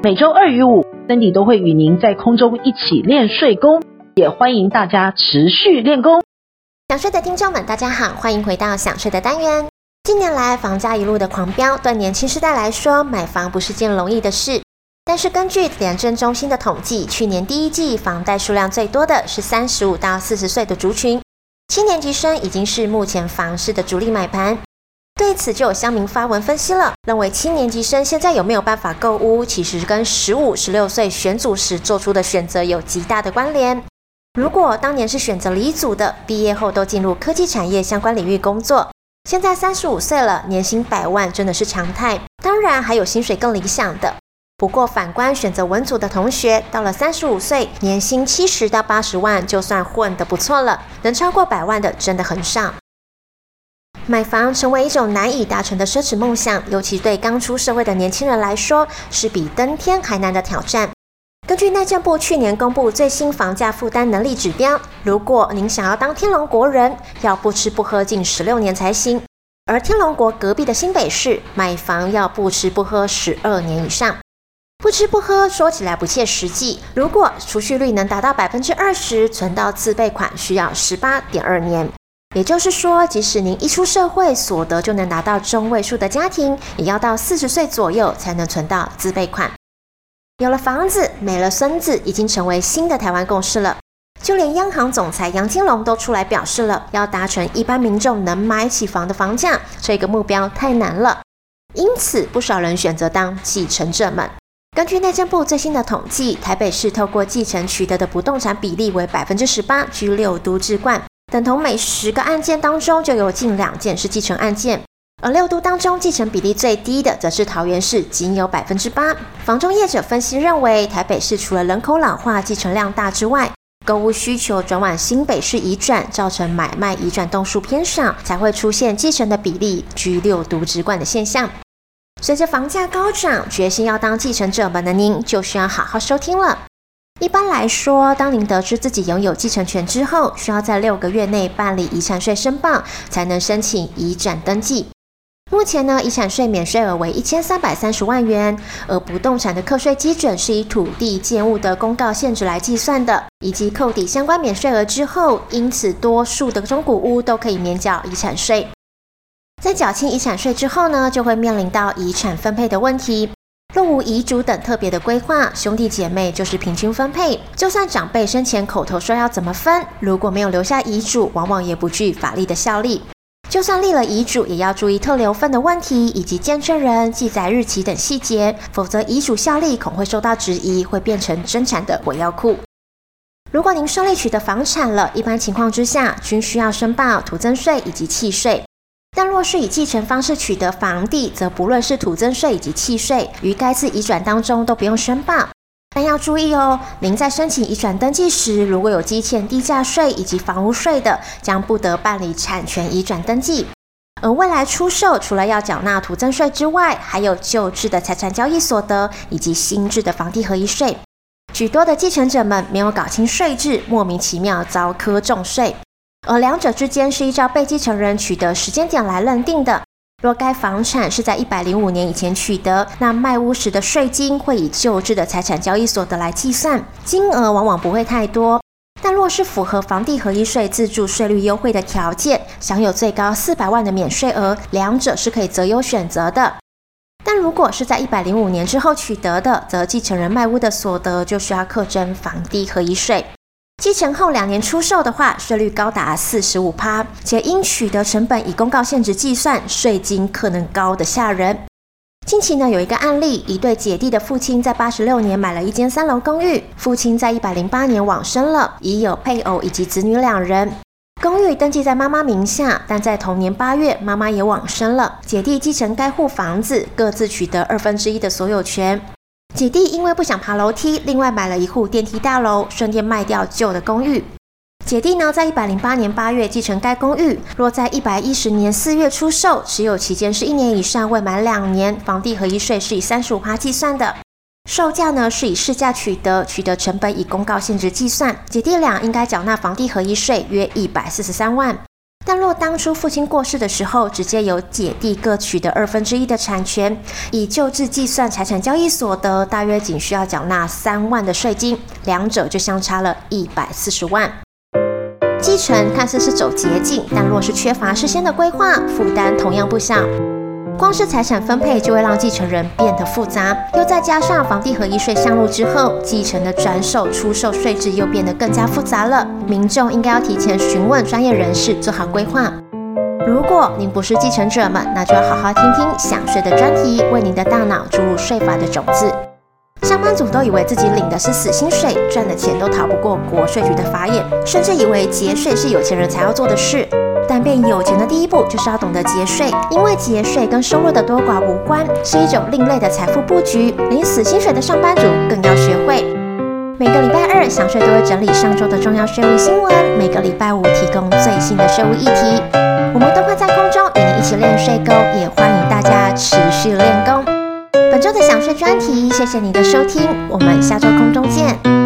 每週二與五，森迪都會與您在空中一起練睡功，也歡迎大家持續練功。想睡的聽眾們，大家好，歡迎回到想睡的單元。近年來，房價一路的狂飆，對年輕世代來說，買房不是件容易的事。但是，根據聯徵中心的統計，去年第一季房貸數量最多的是三十五到四十歲的族群，七年級生已經是目前房市的主力買盤。對此，就有鄉民發文分析了，認為七年級生現在有沒有辦法購屋，其實跟十五、十六歲選組時做出的選擇有極大的關聯。如果當年是選擇理組的，畢業後都進入科技產業相關領域工作，現在三十五歲了，年薪百萬真的是常態。當然，還有薪水更理想的。不過，反觀選擇文組的同學，到了三十五歲，年薪七十到八十萬就算混得不錯了，能超過百萬的真的很少。買房成為一種難以達成的奢侈夢想，尤其對剛出社會的年輕人來說，是比登天還難的挑戰。根據內政部去年公布最新房價負擔能力指標，如果您想要當天龍國人，要不吃不喝近十六年才行。而天龍國隔壁的新北市，買房要不吃不喝十二年以上。不吃不喝說起來不切實際，如果儲蓄率能達到百分之二十，存到自備款需要十八點二年。也就是說，即使您一出社會，所得就能拿到中位數的家庭，也要到四十歲左右才能存到自備款。有了房子，沒了孫子，已經成為新的台灣共識了。就連央行總裁楊金龍都出來表示了，要達成一般民眾能買起房的房價，這個目標太難了。因此，不少人選擇當繼承者們。根據內政部最新的統計，台北市透過繼承取得的不動產比例為百分之十八，居六都之冠。等同每十個案件當中就有近兩件是繼承案件，而六都當中繼承比例最低的則是桃園市，僅有百分之八。房仲業者分析認為，台北市除了人口老化、繼承量大之外，購物需求轉往新北市移轉，造成買賣移轉棟數偏少，才會出現繼承的比例居六都之冠的現象。隨着房價高漲，決心要當繼承者們的您，就需要好好收聽了。一般來說，當您得知自己擁有繼承權之後，需要在六個月內辦理遺產稅申報，才能申請遺產登記。目前呢，遺產稅免稅額為一千三百三十萬元，而不動產的課稅基準是以土地、建物的公告現值來計算的，以及扣抵相關免稅額之後，因此多數的中古屋都可以免繳遺產稅。在繳清遺產稅之後呢，就會面臨到遺產分配的問題。若無遺囑等特別的規劃，兄弟姐妹就是平均分配。就算長輩生前口頭說要怎麼分，如果沒有留下遺囑，往往也不具法律的效力。就算立了遺囑，也要注意特留份的問題，以及見證人、記載日期等細節，否則遺囑效力恐會受到質疑，會變成爭產的火藥庫。如果您順利取得房產了，一般情況之下均需要申報土增稅以及契稅。但若是以繼承方式取得房地，則不論是土增稅以及契稅，於該次移轉當中都不用申報。但要注意哦，您在申請移轉登記時，如果有積欠地價稅以及房屋稅的，將不得辦理產權移轉登記。而未來出售，除了要繳納土增稅之外，還有舊制的財產交易所得以及新制的房地合一稅。許多的繼承者們沒有搞清稅制，莫名其妙遭課重稅。而兩者之間是依照被繼承人取得時間點來認定的。若該房產是在一百零五年以前取得，那賣屋時的稅金會以舊制的財產交易所得來計算，金額往往不會太多。但若是符合房地合一稅自住稅率優惠的條件，享有最高四百萬的免稅額，兩者是可以擇優選擇的。但如果是在一百零五年之後取得的，則繼承人賣屋的所得就需要課徵房地合一稅。繼承後兩年出售的話，稅率高達四十五趴，且應取得成本以公告現值計算，稅金可能高得嚇人。近期呢，有一個案例，一對姐弟的父親在八十六年買了一間三樓公寓，父親在一百零八年往生了，已有配偶以及子女兩人。公寓登記在媽媽名下，但在同年八月，媽媽也往生了，姐弟繼承該戶房子，各自取得二分之一的所有權。姐弟因為不想爬樓梯，另外買了一戶電梯大樓，順便賣掉舊的公寓。姐弟呢，在一百零八年八月繼承該公寓，若在一百一十年四月出售，持有期間是一年以上未滿兩年，房地合一稅是以三十五趴計算的。售價呢，是以市價取得，取得成本以公告現值計算，姐弟倆應該繳納房地合一稅約一百四十三萬。但若當初父親過世的時候，直接由姐弟各取得二分之一的產權，以舊制計算財產交易所得，大約僅需要繳納三萬的稅金，兩者就相差了一百四十萬。繼承看似是走捷徑，但若是缺乏事先的規劃，負擔同樣不小。光是財產分配就會讓繼承人變得複雜，又再加上房地合一稅上路之後，繼承的轉手出售稅制又變得更加複雜了。民眾應該要提前詢問專業人士，做好規劃。如果您不是繼承者們，那就要好好聽聽想稅的專題，為您的大腦注入稅法的種子。上班族都以為自己領的是死薪水，賺的錢都逃不過國稅局的法眼，甚至以為節稅是有錢人才要做的事。但變有錢的第一步，就是要懂得節稅，因為節稅跟收入的多寡無關，是一種另類的財富布局。領死薪水的上班族，更要學會。每個禮拜二，想稅都會整理上周的重要稅務新聞；每個禮拜五，提供最新的稅務議題。我們都會在空中與您一起練稅功，也歡迎大家持續練功。本周的想稅專題，謝謝您的收聽，我們下周空中見。